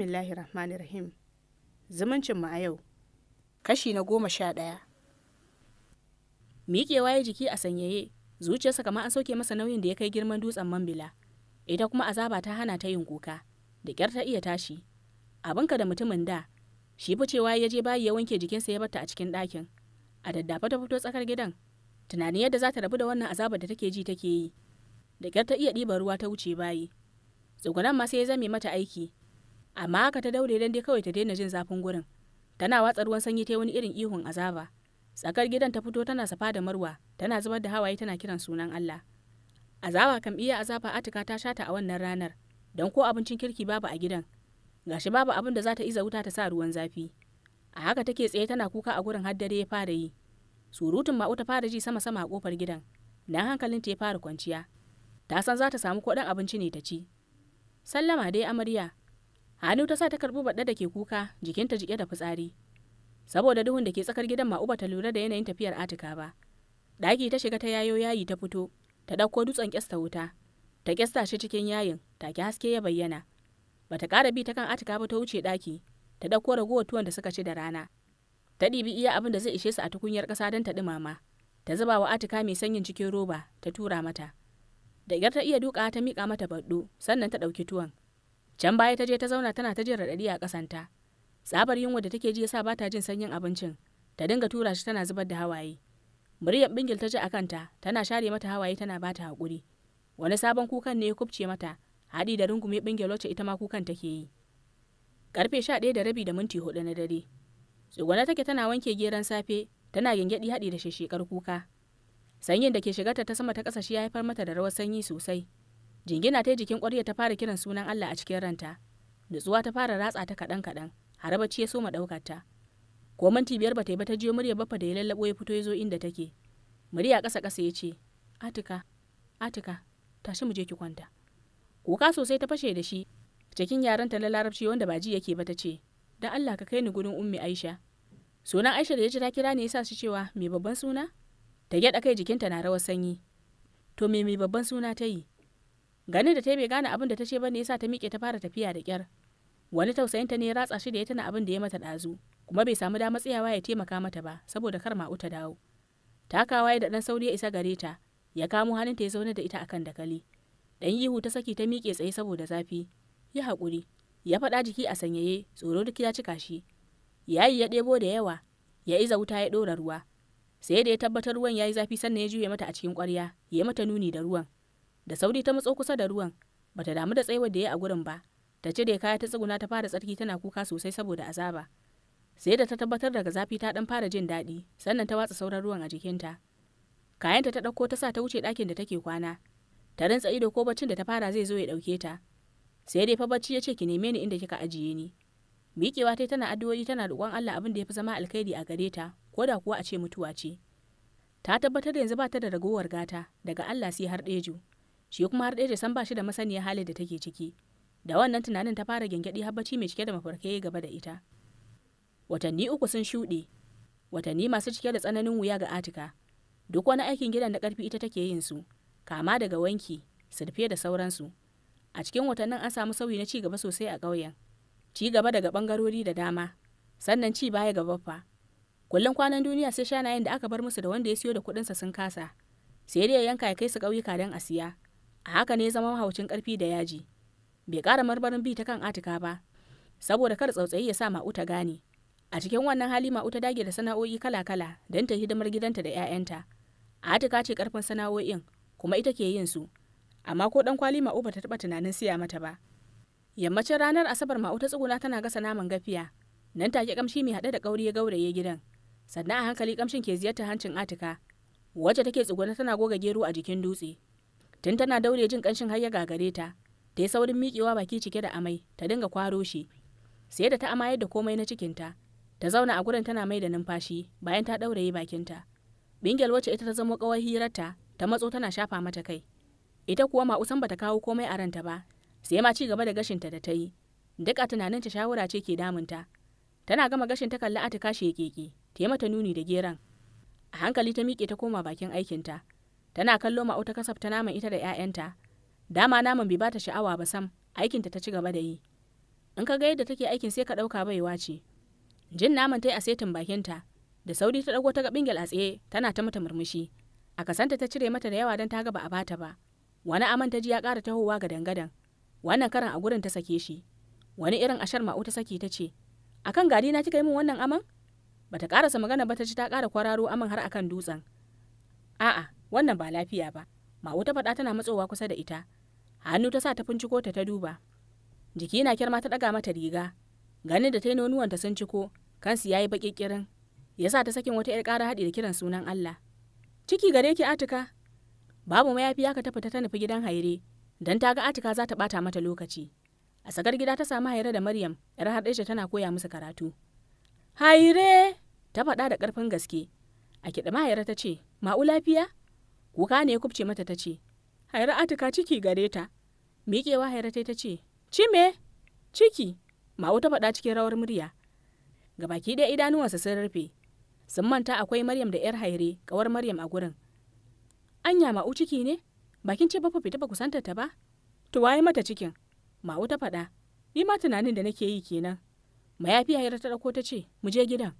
bismillahir rahmanir rahim zumuncin mu a yau kashi na goma sha ɗaya miƙewa ya jiki a sanyaye zuciyarsa kamar an sauke masa nauyin da ya kai girman dutsen mambila ita kuma azaba ta hana ta yin kuka da ƙyar ta iya tashi abinka da mutumin da shi ficewa ya je bayi ya wanke jikinsa ya bata a cikin ɗakin a daddafa ta fito tsakar gidan tunanin yadda za ta rabu da wannan azabar da take ji take yi da ƙyar ta iya ɗiba ruwa ta wuce bayi tsugunan ma sai ya zame mata aiki amma haka ta daure dan dai kawai ta daina jin zafin gurin tana watsa ruwan sanyi ta wani irin ihun azaba tsakar gidan ta fito tana safa da marwa tana zubar da hawaye tana kiran sunan Allah azaba kam iya azaba atika ta shata a wannan ranar don ko abincin kirki babu a gidan gashi babu abin da za ta iza wuta ta sa ruwan zafi a haka take tsaye tana kuka a gurin haddare ya fara yi surutun ma'u ta fara ji sama sama a kofar gidan dan hankalin ta ya fara kwanciya ta san za ta samu kuɗin abinci ne ta ci sallama dai amarya hanu ta sa ta karbi baɗa da ke kuka jikinta jike da fitsari saboda duhun da ke tsakar gidan ma uba ta lura da yanayin tafiyar atika ba ɗaki ta shiga ta yayo yayi ta fito ta ɗauko dutsen kyasta wuta ta kyasta shi cikin yayin take haske ya bayyana bata ƙara bi ta kan atika ba ta wuce ɗaki ta ɗauko ragowar tuwon da suka ci da rana ta ɗibi iya abin da zai ishe su a tukunyar ƙasa don ta ɗumama ta zuba wa atika mai sanyin cikin roba ta tura mata da ta iya duka ta miƙa mata baɗo sannan ta ɗauki tuwon can baya ta je ta zauna tana ta jin raɗaɗi a ƙasanta tsabar yunwa da take ji yasa ba ta jin sanyin abincin ta dinga tura shi tana zubar da hawaye muryar bingil ta ji a kanta tana share mata hawaye tana ba ta haƙuri wani sabon kukan ne ya kubce mata haɗi da rungume bingil wacce ita ma kukan take yi karfe sha ɗaya da rabi da minti hudu na dare tsuguna take tana wanke geran safe tana gyangyaɗi haɗi da sheshekar kuka sanyin da ke shigarta ta sama ta ƙasa shi ya haifar mata da rawar sanyi sosai jingina ta jikin kwarya ta fara kiran sunan Allah a cikin ranta nutsuwa ta fara ratsa ta kaɗan kaɗan har bacci ya so ma ɗaukar ta ko minti biyar ba ta yi ba ta jiyo murya baffa da ya lallaɓo ya fito ya zo inda take murya ƙasa ƙasa ya ce atika atika tashi mu je ki kwanta kuka sosai ta fashe da shi cikin ta na larabci wanda ba ji yake ba ta ce dan Allah ka kai ni gurin ummi Aisha sunan Aisha da ya ji ta kira ne yasa shi cewa me babban suna ta gyada kai jikinta na rawar sanyi to me me babban suna ta yi ganin da ta bai gane abin da ta ce ba ne yasa ta miƙe ta fara tafiya da kyar wani tausayinta ne ya ratsa shi da ya tana abin da ya mata ɗazu kuma bai samu damar tsayawa ya taimaka mata ba saboda kar ma'u ta dawo takawa ya da ɗan sauri ya isa gare ta ya kamo hannunta ya zaune da ita akan dakali ɗan ihu ta saki ta miƙe tsaye saboda zafi ya haƙuri ya faɗa jiki a sanyaye tsoro duk ya cika shi yayi ya ɗebo da yawa ya iza wuta ya ɗora ruwa sai da ya tabbatar ruwan ya yi zafi sannan ya juye mata a cikin ƙwarya ya mata nuni da ruwan da sauri ta matso kusa da ruwan bata damu da tsaiwar da ya a gurin ba ta cire kaya ta tsuguna ta fara tsarki tana kuka sosai saboda azaba sai da ta tabbatar daga zafi ta dan fara jin daɗi sannan ta watsa sauran ruwan a jikinta kayanta ta ɗauko ta sa ta wuce ɗakin da take kwana ta rantsa ido ko baccin da ta fara zai zo ya ɗauke ta sai dai fa bacci ya ce ki neme ni inda kika ajiye ni miƙewa tai tana addu'o'i tana roƙon Allah abin da ya fi zama alkhairi a gare ta ko da kuwa a ce mutuwa ce ta tabbatar da yanzu ba ta da ragowar gata daga Allah sai har ɗejo shi kuma har ɗaya da san ba shi da masaniya halin da take ciki da wannan tunanin ta fara gyangyaɗi har bacci mai cike da mafarkai gaba da ita watanni uku sun shuɗe watanni masu cike da tsananin wuya ga atika duk wani aikin gidan da ƙarfi ita take yin su kama daga wanki surfe da sauransu a cikin watannin an samu sauyi na ci gaba sosai a ƙauyen ci gaba daga ɓangarori da dama sannan ci baya ga baffa kullum kwanan duniya sai shanayen da aka bar musu da wanda ya siyo da kuɗinsa sun kasa sai dai ya yanka ya kai su ƙauyuka don a siya a haka ne zama mahaucin karfi da yaji bai ƙara marmarin bi ta kan atika ba saboda kar tsautsayi ya sa ma'u ta gane a cikin wannan hali ma'u ta dage da sana'o'i kala-kala don ta hidimar gidanta da 'ya'yanta atika ce karfin sana'o'in kuma ita ke yin su amma ko dan kwali ma'u ba ta taba tunanin siya mata ba yammacin ranar asabar ma'u ta tsuguna tana gasa naman gafiya nan take kamshi mai hade da kauri ya gauraye gidan sannan a hankali kamshin ke ziyarta hancin atika wacce take tsuguna tana goga gero a jikin dutse tun tana daure jin kanshin har ya gagare ta ta yi saurin miƙewa baki cike da amai ta dinga kwaro shi sai da ta amayar da komai na cikinta ta zauna a gurin tana mai da numfashi bayan ta ɗauraye bakinta bingel wacce ita ta zama ƙawar hirarta ta matso tana shafa mata kai ita kuwa ma usan bata kawo komai a ranta ba sai ma ci gaba da gashinta da ta yi duk a ta shawara ce ke damunta tana gama gashin ta kalli atika keke ta yi mata nuni da geran a hankali ta miƙe ta koma bakin aikinta. ta tana kallo kasaf ta kasafta naman ita da 'ya'yanta dama naman bai bata sha'awa ba sam aikin ta ci gaba da yi in ka ga yadda take aikin sai ka ɗauka baiwa ce jin naman ta yi a setin ta da sauri ta ɗago ta ga bingel a tsaye tana ta mata murmushi a kasanta ta cire mata da yawa don ta ga ba a bata ba wani aman ji ya ƙara tahowa ga dangadan wannan karan a gurin ta sake shi wani irin ashar ma'u ta saki ta ce A kan gari na kika yi min wannan aman bata karasa magana ba ta ci ta ƙara kwararo aman har akan dutsen a'a wannan ba lafiya ba ma'u ta faɗa tana matsowa kusa da ita hannu ta sa tafin finciko ta ta duba jiki na kirma ta ɗaga mata riga Gani da ta yi nonuwanta sun ciko kansu ya yi baƙi ƙirin. ya sa ta sakin wata 'yar ƙara haɗi da kiran sunan Allah ciki gare ki atika babu mayafi ka ta fita ta nufi gidan haire don ta ga atika za ta ɓata mata lokaci a sakar gida ta samu haire da maryam yar shi tana koya musu karatu haire ta faɗa da ƙarfin gaske a kiɗa mahaira ta ce ma'u lafiya kuka ne ya kubce mata ta ce haira atika ciki gare ta miƙewa haira ta ce cime ciki ma ta faɗa cikin rawar murya gabaki ɗaya idanuwansa sun rufe sun manta akwai maryam da yar haire kawar maryam a gurin anya ma'u ciki ne bakin ce bafa fita ba kusanta ta ba to waye mata cikin ma ta faɗa ni ma tunanin da nake yi kenan mayafi haira ta ɗauko ta ce mu je gidan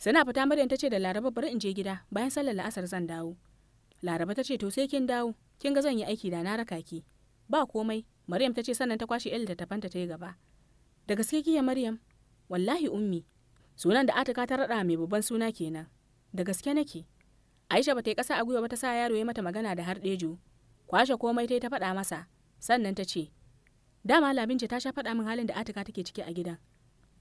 sana fita maryam ta ce da laraba bari in je gida bayan sallar la'asar zan dawo laraba ta ce to sai kin dawo kin ga zan yi aiki da na raka ki ba komai maryam ta ce sannan ta kwashe yan tafanta ta yi gaba da gaske kiya maryam wallahi ummi sunan da atika ta raɗa mai babban suna kenan da gaske nake aisha ba ta yi kasa a gwiwa ba ta sa yaro ya mata magana da har ɗejo kwashe komai ta yi ta faɗa masa sannan ta ce dama labinci ta sha faɗa min halin da atika take ciki a gidan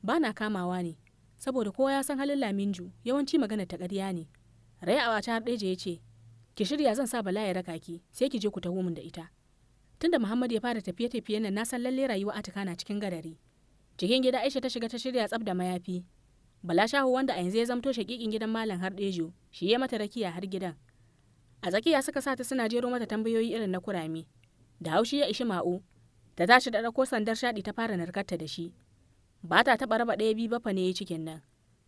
ba na kamawa ne saboda kowa ya san halin laminju yawanci magana ta ƙarya ne rai a wata har ya ce ki shirya zan sa bala ya raka ki sai ki je ku taho min da ita tunda muhammad ya fara tafiye tafiyen nan na san lalle rayuwa atika na cikin gadari cikin gida aisha ta shiga ta shirya tsab da mayafi bala shahu wanda a yanzu ya zamto shakikin gidan malam har dejo shi ya mata rakiya har gidan a tsakiya suka sa ta suna jero mata tambayoyi irin na kurami da haushi ya ishi ma'u ta tashi da ɗauko sandar shaɗi ta fara narkarta da shi ba ta taɓa raba ɗaya biyu bafa ne cikin nan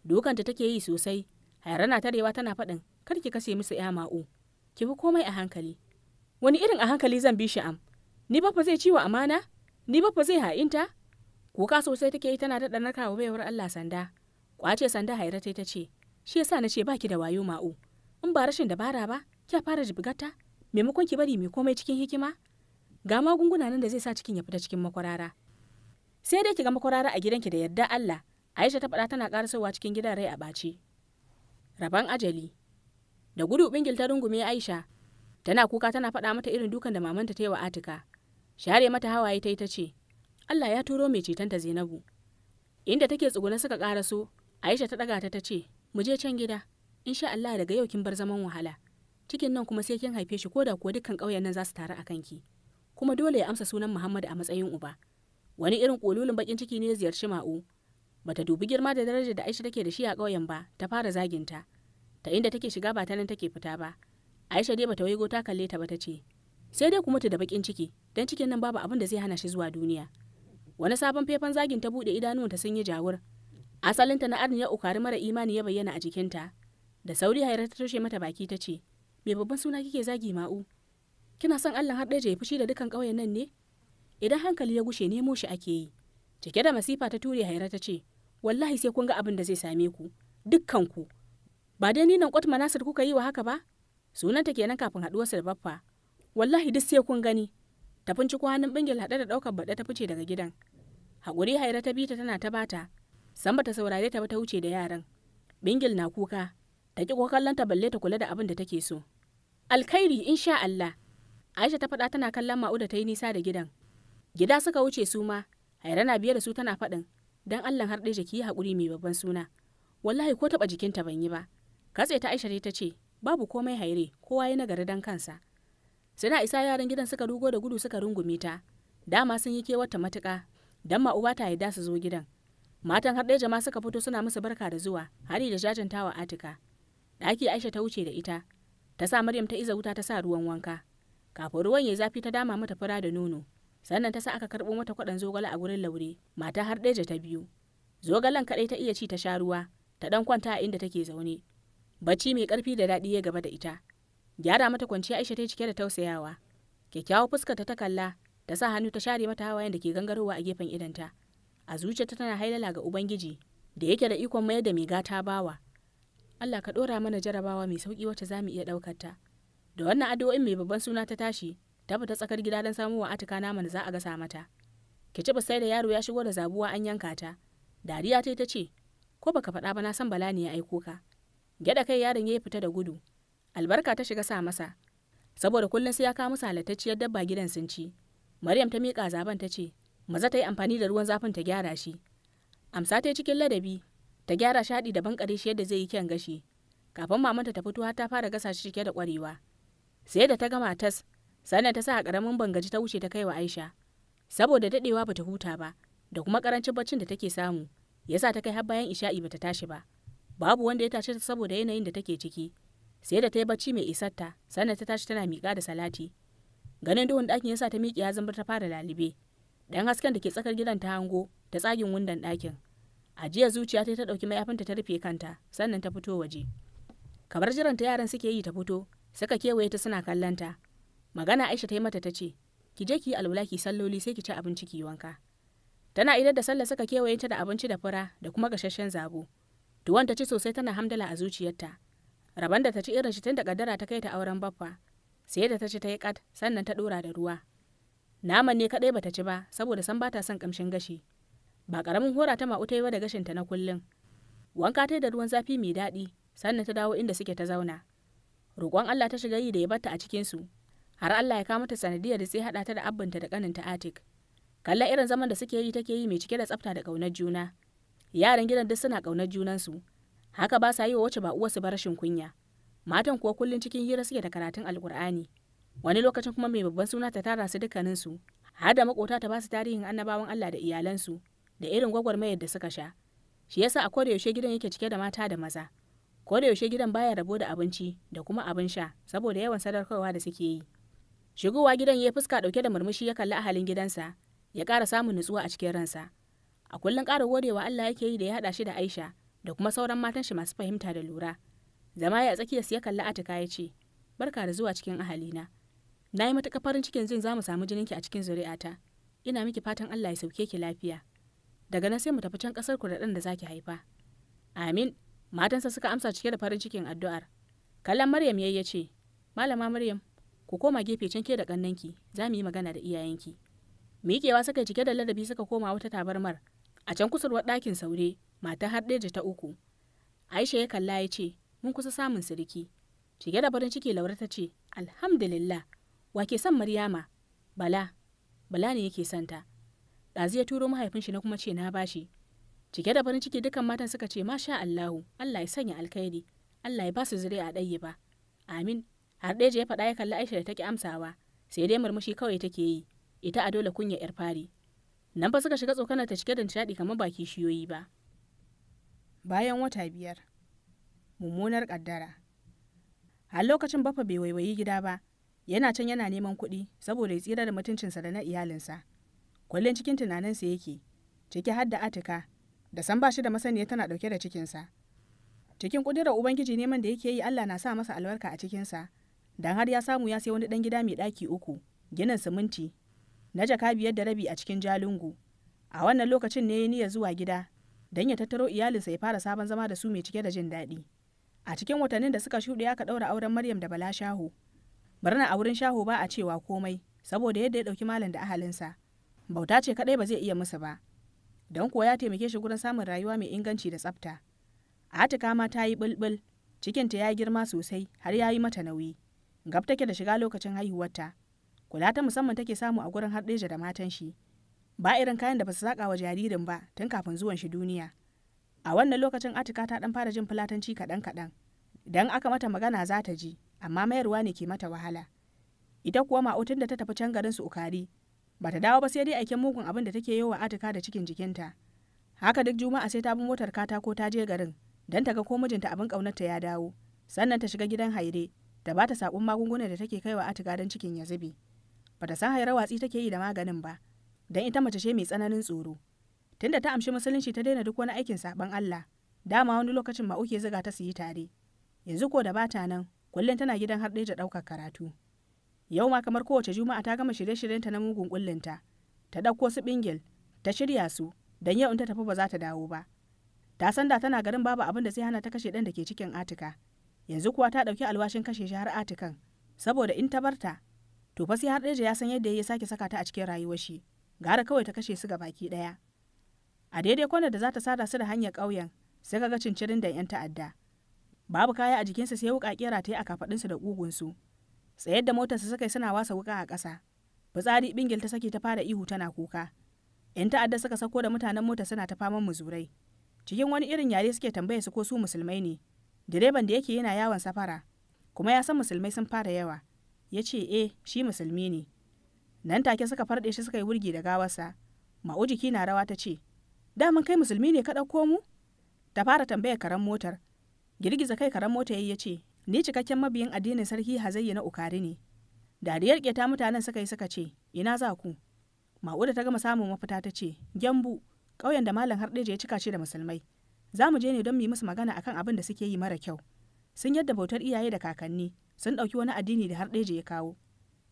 dukanta take yi sosai hairana tarewa tana faɗin kar ki kashe musu ya ma'u ki bi komai a hankali wani irin a hankali zan bi shi am ni ba fa zai wa amana ni ba fa zai ha'inta kuka sosai take yi tana na kawo baiwar Allah sanda kwace sanda haira ta ce shi yasa na ce baki da wayo ma'u in ba rashin dabara ba kya fara jibgata maimakon ki bari mai komai cikin hikima ga magunguna nan da zai sa cikin ya fita cikin makwarara sai dai ki ga makwarara a gidanki da yarda Allah Aisha ta faɗa tana ƙarasowa cikin gidan rai a ɓaci. Rabon ajali da gudu bingil ta rungume aisha tana kuka tana faɗa mata irin dukan da mamanta ta yi wa atika share mata hawaye ta yi ta ce allah ya turo mai cetonta zainabu inda take tsuguna suka karaso, aisha ta ɗaga ta ta ce mu je can gida insha allah daga yau kin bar zaman wahala cikin nan kuma sai kin haife shi ko da kuwa dukkan ƙauyen nan za su taru a kanki kuma dole ya amsa sunan muhammad a matsayin uba wani irin ƙolulin bakin ciki ne ziyarci ma'u bata dubi girma da darajar da aisha take da shi a ƙauyen ba ta fara zaginta. ta ta inda take shiga ba ta nan take fita ba aisha dai bata waigo ta kalle ta ba ta ce sai dai ku mutu da bakin ciki dan cikin nan babu abin da zai hana shi zuwa duniya wani sabon fefan zagin ta bude idanuwanta sun yi jawur Asalin ta na arni ya ukari mara imani ya bayyana a jikinta da sauri haira ta toshe mata baki ta ce me babban suna kike zagi ma'u kina son allah har ɗaya ya fushi da dukan ƙauyen nan ne idan hankali ya gushe nemo shi ake yi cike da masifa ta ture haira ta ce wallahi sai kun ga abin da zai same ku dukkan ku ba dai ni nan kwat nasir kuka yi wa haka ba sunanta kenan kafin haɗuwarsa da baffa wallahi duk sai kun gani Ta finci kwanan bingil haɗe da ɗaukar baɗa ta fice daga gidan haƙuri haira ta bita tana ta bata san bata saurare ta ba ta wuce da yaran bingil na kuka ta ki kallon ta balle ta kula da abin da take so alkhairi insha Allah Aisha ta faɗa tana kallon ma'uda ta yi nisa da gidan gida suka wuce su ma haira na biye da su tana faɗin dan Allah har ɗaya jiki haƙuri mai babban suna wallahi ko taɓa jikinta ban yi ba katse ta aisha ta ce babu komai haire kowa ya nagari dan kansa suna isa yaran gidan suka rugo da gudu suka rungume ta dama sun yi kewarta matuka dan ma uba ta yarda su zo gidan matan har ɗaya jama'a suka fito suna musu barka da zuwa hari da jajantawa atika ɗaki aisha ta wuce da ita ta sa maryam ta iza wuta ta sa ruwan wanka kafin ruwan ya zafi ta dama mata fura da nono sannan ta sa aka karɓo mata kwaɗon zogale a gurin laure mata har ɗaya ta biyu zogalen kaɗai ta iya ci ta sha ruwa ta ɗan kwanta a inda take zaune Bacci mai ƙarfi da daɗi ya gaba da ita. Gyara mata kwanciya Aisha ta cike da tausayawa. Kyakkyawar fuskarta ta kalla, ta sa hannu ta share mata hawayen da ke gangarowa a gefen idanta. A zuciyarta tana hailala ga Ubangiji, da yake da ikon mayar da mai gata bawa. Allah ka ɗora mana jarabawa mai sauƙi wacce za mu iya ɗaukar ta. Da wannan addu'o'in mai babban suna ta tashi, ta fita tsakar gida don samuwa wa atika naman da za a gasa mata. Ki ci sai da yaro ya shigo da zabuwa an yanka ta. Dariya ta ta ce, ko baka faɗa ba na san bala ne ya aiko ka. Gyaɗa kai yaron ya fita da gudu. Albarka ta shiga sa masa. Saboda kullum sai ya kawo musu halattacciyar dabba gidan sun ci. Maryam ta miƙa zaben ta ce, maza ta yi amfani da ruwan zafin ta gyara shi. Amsa ta yi cikin ladabi, ta gyara shaɗi da bankare shi yadda zai yi kyan gashi. Kafin mamanta ta fito har ta fara gasa shi cike da ƙwarewa. Sai da ta gama tas, sannan ta sa a ƙaramin bangaji ta wuce ta kai wa Aisha. Saboda daɗewa bata huta ba, da kuma ƙarancin baccin da take samu, yasa ta kai har bayan isha'i bata tashi ba. babu wanda ya tashe saboda yanayin da take ciki sai da ta yi bacci mai isarta sannan ta tashi tana miƙa da salati ganin duhun ɗakin yasa ta miƙe ya zambar ta fara lalibe dan hasken da ke tsakar gidan ta hango ta tsagin wundan ɗakin ajiya zuciya ta ta ɗauki mayafinta ta rufe kanta sannan ta fito waje kamar jiran ta yaran suke yi ta fito suka kewaye ta suna kallon ta magana aisha ta yi mata ta ce ki je ki yi alwala ki salloli sai ki ci abinci ki wanka tana idar da sallah suka kewaye ta da abinci da fura da kuma gasasshen zabo Duwan ta ci sosai tana hamdala a zuciyarta. Raban da ta ci irin shi tun da kaddara ta kai ta auren baffa. Sai da ta ci ta yi kat sannan ta dora da ruwa. Naman ne kadai bata ci ba saboda san bata son kamshin gashi. Ba karamin hora ta ma'u ba da gashinta na kullun. Wanka ta da ruwan zafi mai daɗi sannan ta dawo inda suke ta zauna. Roƙon Allah ta shiga yi da ya batta a cikin Har Allah ya kama ta sanadiyar da sai haɗa ta da abinta da kaninta Atik. Kalla irin zaman da suke yi take yi mai cike da tsafta da ƙaunar juna. yaran gidan duk suna ƙaunar junansu haka ba sa yi wa wace ba uwarsu ba rashin kunya matan kuwa kullum cikin hira suke da karatun alkur'ani wani lokacin kuma mai babban suna ta tara su dukkaninsu har da makota ta ba su tarihin annabawan Allah da iyalansu da irin gwagwarmayar da suka sha shi yasa a koda yaushe gidan yake cike da mata da maza ko yaushe gidan baya rabo da abinci da kuma abin sha saboda yawan sadarkarwa da suke yi shigowa gidan ya fuska dauke da murmushi ya kalli ahalin gidansa ya ƙara samun nutsuwa a cikin ransa a kullum ƙara godewa Allah yake yi da ya haɗa shi da Aisha da kuma sauran matan shi masu fahimta da lura. Zama ya tsakiyarsu ya kalli Atika ya ce, "Barka da zuwa cikin ahalina. Na yi matuƙar farin cikin jin za mu samu jininki a cikin zuri'ata. Ina miki fatan Allah ya sauke ki lafiya. Daga nan sai mu tafi can ƙasar ku da ɗan da ki haifa." Amin. Matansa suka amsa cike da farin cikin addu'ar. Kallon Maryam yayi ya ce, "Malama Maryam, ku koma gefe can ke da ƙannanki, za mu yi magana da iyayenki." Miƙewa suka cike da ladabi suka koma wata tabarmar a can kusurwar ɗakin saure matan harɗeja ta uku aisha ya kalla ya ce mun kusa samun siriki cike da farin ciki laura ta ce alhamdulillah wa ke son maryama bala bala ne yake santa ɗazu ya turo mahaifin shi na kuma ce na bashi cike da farin ciki dukan matan suka ce masha allahu allah ya sanya alkhairi allah ya basu su a ɗaye ba amin harɗeja ya faɗa ya kalla aisha da take amsawa sai dai murmushi kawai take yi ita a dole kunya yar fari nan ba suka shiga tsokanar ta cike da nishaɗi kamar baki shiyoyi ba bayan wata biyar mummunar ƙaddara a lokacin bafa bai waiwayi gida ba yana can yana neman kuɗi saboda ya tsira da mutuncinsa da na iyalinsa kullum cikin tunaninsa yake ciki har da atika da san ba shi da masaniya tana ɗauke da cikinsa cikin ƙudurar ubangiji neman da yake yi allah na sa masa albarka a cikinsa don har ya samu ya sai wani ɗan gida mai ɗaki uku ginin siminti na jaka biyar da rabi a cikin jalingo a wannan lokacin ne ya niyya zuwa gida don ya tattaro iyalinsa ya fara sabon zama da su mai cike da jin daɗi a cikin watannin da suka shuɗe aka ɗaura auren maryam da bala shaho barna a wurin shaho ba a cewa komai saboda yadda ya ɗauki malam da ahalinsa bauta ce kaɗai ba zai iya musu ba don kuwa ya taimake shi gurin samun rayuwa mai inganci da tsafta atika ma ta yi ɓulɓul cikinta ya girma sosai har ya yi mata nauyi gab take da shiga lokacin haihuwarta kula ta musamman take samu a gurin harɗeja da matan shi ba irin kayan da ba su saƙa wa jaririn ba tun kafin zuwan shi duniya a wannan lokacin atika ta ɗan fara jin fulatanci kaɗan kaɗan dan aka mata magana za ta ji amma mayarwa ne ke mata wahala ita kuwa tun da ta tafi can garin su ukari ba ta dawo ba sai dai aikin mugun abin da take yi wa atika da cikin jikinta haka duk juma'a sai ta bi motar katako ta je garin dan ta ga ko mijinta abin ta ya dawo sannan ta shiga gidan haire da ba ta sabon magungunan da take kaiwa atika don cikin ya zube. bata san hayar watsi take yi da maganin ba dan ita mace ce mai tsananin tsoro tunda ta amshi musulunci ta daina duk wani aikin saban Allah dama wani lokacin ma uke zuga ta su yi tare yanzu ko da bata nan kullum tana gidan har da daukar karatu yau ma kamar kowace juma'a ta gama shirye shiryen ta na mugun kullinta ta dauko su bingil ta shirya su don yau in ta tafi ba za ta dawo ba ta san da tana garin babu abin da sai hana ta kashe dan da ke cikin atika yanzu kuwa ta ɗauki alwashin kashe shi har atikan saboda in ta barta to fa sai har ɗaya ya san yadda ya sake saka ta a cikin rayuwar shi gara kawai ta kashe su ga baki ɗaya a daidai kwanar da za ta sada su da hanyar ƙauyen sai kaga cincirin da 'yan ta'adda babu kaya a jikinsa sai ta yi a kafaɗinsu da ƙugunsu tsayar da motarsa suka yi suna wasa wuka a ƙasa fitsari bingil ta saki ta fara ihu tana kuka 'yan ta'adda suka sako da mutanen mota suna ta faman muzurai cikin wani irin yare suke tambaya su ko su musulmai ne direban da yake yana yawon safara kuma ya san musulmai sun fara yawa ya ce e? shi musulmi ne nan take suka farɗe shi suka yi wurgi da gawarsa ma'u jiki na rawa ta ce mun kai musulmi ne ka ɗauko mu ta fara tambaya karen motar girgiza kai karen mota ya ce ni cikakken mabiyin addinin sarki hazayya na ukari ne dariyar keta mutanen suka yi suka ce ina za ku ma'uda ta gama samun mafita ta ce gyambu ƙauyen da malam harɗeja ya cika ce da musulmai za mu je ne don mu yi musu magana akan abin da suke yi mara kyau sun yadda bautar iyaye da kakanni sun ɗauki wani addini da har ɗaya ya kawo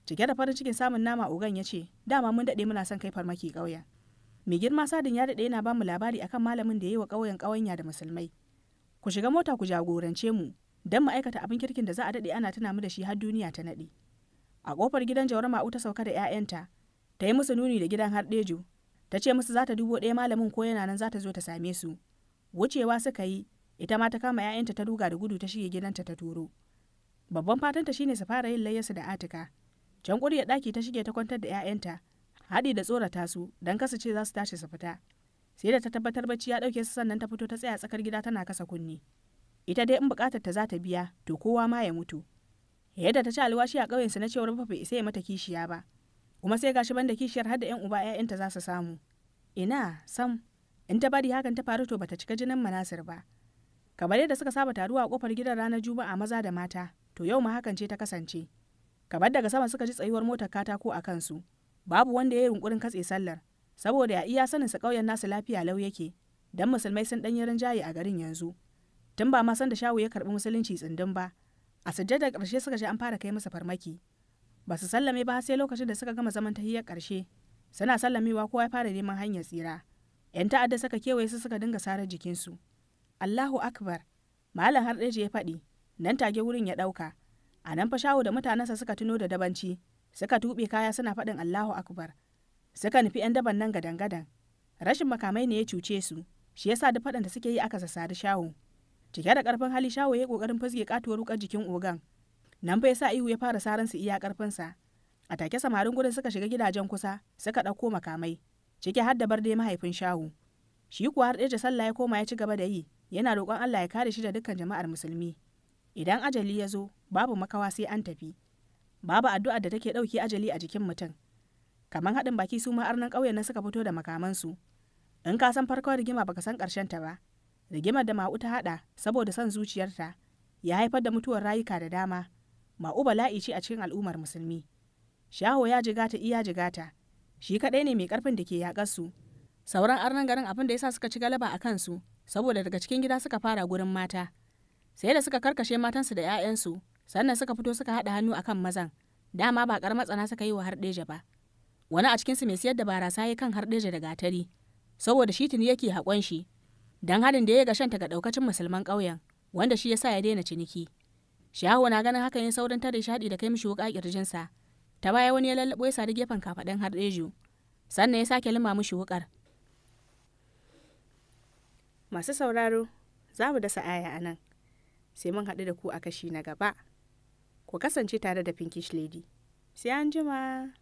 cike da farin cikin samun nama ogan ya ce dama mun daɗe muna son kai farmaki ƙauyen mai girma sadin ya daɗe yana bamu labari akan malamin da ya yi wa ƙauyen ƙawanya da musulmai ku shiga mota ku jagorance mu don mu aikata abin kirkin da za a daɗe ana tuna mu da shi har duniya ta naɗe a ƙofar gidan jawar ma'u ta sauka da 'ya'yanta ta yi musu nuni da gidan harɗejo ta ce musu za ta dubo ɗaya malamin ko yana nan za ta zo ta same su wucewa suka yi ita ma ta kama 'ya'yanta ta ruga da gudu ta shige gidanta ta turo babban fatanta shine su fara yin layyarsu da atika can ƙuryar ɗaki ta shige ta kwantar da 'ya'yanta haɗi da tsorata su don kasa ce za su tashi su fita sai da ta tabbatar bacci ya ɗauke su sannan ta fito ta tsaya tsakar gida tana kasa kunne ita dai in buƙatar ta za ta biya to kowa ma ya mutu yadda ta ci alwashi a ƙauyensu na cewar bai isa ya mata kishiya ba kuma sai gashi banda kishiyar har da 'yan uba 'ya'yanta za su samu ina sam in ta bari hakan ta faru to bata cika jinin manasir ba kamar yadda suka saba taruwa a kofar gidan ranar juma'a maza da mata to yau ma hakan ce ta kasance kamar daga sama suka ji tsayuwar motar katako a kansu babu wanda ya yi yunkurin katse sallar saboda a iya sanin sa ƙauyen nasu lafiya lau yake dan musulmai sun yi rinjaye a garin yanzu tun ba ma san da shawu ya karɓi musulunci tsindin ba a da ƙarshe suka ji an fara kai masa farmaki ba su sallame ba sai lokacin da suka gama zaman tahiyyar ƙarshe suna sallamewa kowa ya fara neman hanyar tsira 'yan ta'adda suka kewaye su suka dinga sarar jikinsu Allahu Akbar, Malam ɗaya ya faɗi, nan take wurin ya ɗauka. A nan fa shawo da mutanensa suka tuno da dabanci, suka tuɓe kaya suna faɗin Allahu Akbar. Suka nufi 'yan daban nan gadan-gadan. Rashin makamai ne ya cuce su, shi yasa duk faɗin da suke yi aka sassari shawo. Cike da ƙarfin hali shawo ya ƙoƙarin fizge katuwar wukar jikin ogan. Nan fa sa ihu ya fara saran su iya ƙarfinsa. A take samarin gudun suka shiga gidajen kusa, suka ɗauko makamai, Cike har da dai mahaifin shawo. Shi kuwa har sallah ya koma ya ci gaba da yi, yana roƙon Allah ya kare shi da dukkan jama'ar musulmi idan ajali ya zo babu makawa sai an tafi babu addu'ar da take ɗauki ajali a jikin mutum kamar haɗin baki su ma arnan ƙauyen nan suka fito da makamansu in ka san farkon rigima baka san ƙarshen ta ba rigimar da ma'u ta haɗa saboda son zuciyarta ya haifar da mutuwar rayuka da dama ma'u bala'i ce a cikin al'ummar musulmi shaho ya jiga ta iya ta shi kaɗai ne mai ƙarfin da ke yaƙar su sauran arnan garin abin da sa suka ci galaba a kansu saboda daga cikin gida suka fara gurin mata sai da suka karkashe matansu da 'ya'yansu sannan suka fito suka haɗa hannu akan mazan dama ba ƙar matsana suka yi wa harɗeja ba wani a cikinsu mai siyar da barasa ya kan harɗeja da gatari saboda shi tuni yake haƙon shi don haɗin da ya ga shanta ga ɗaukacin musulman ƙauyen wanda shi ya sa ya daina ciniki shaho na ganin hakan ya saurin tare shaɗi da kai mishi wuƙa ƙirjinsa ta baya wani ya lallaɓo ya sadu gefen kafaɗen harɗejo sannan ya sake lima mishi wuƙar Masu sauraro, za mu dasa aya a nan, sai mun haɗu da ku a kashi na gaba. Ku kasance tare da Pinkish Lady. Sai an jima.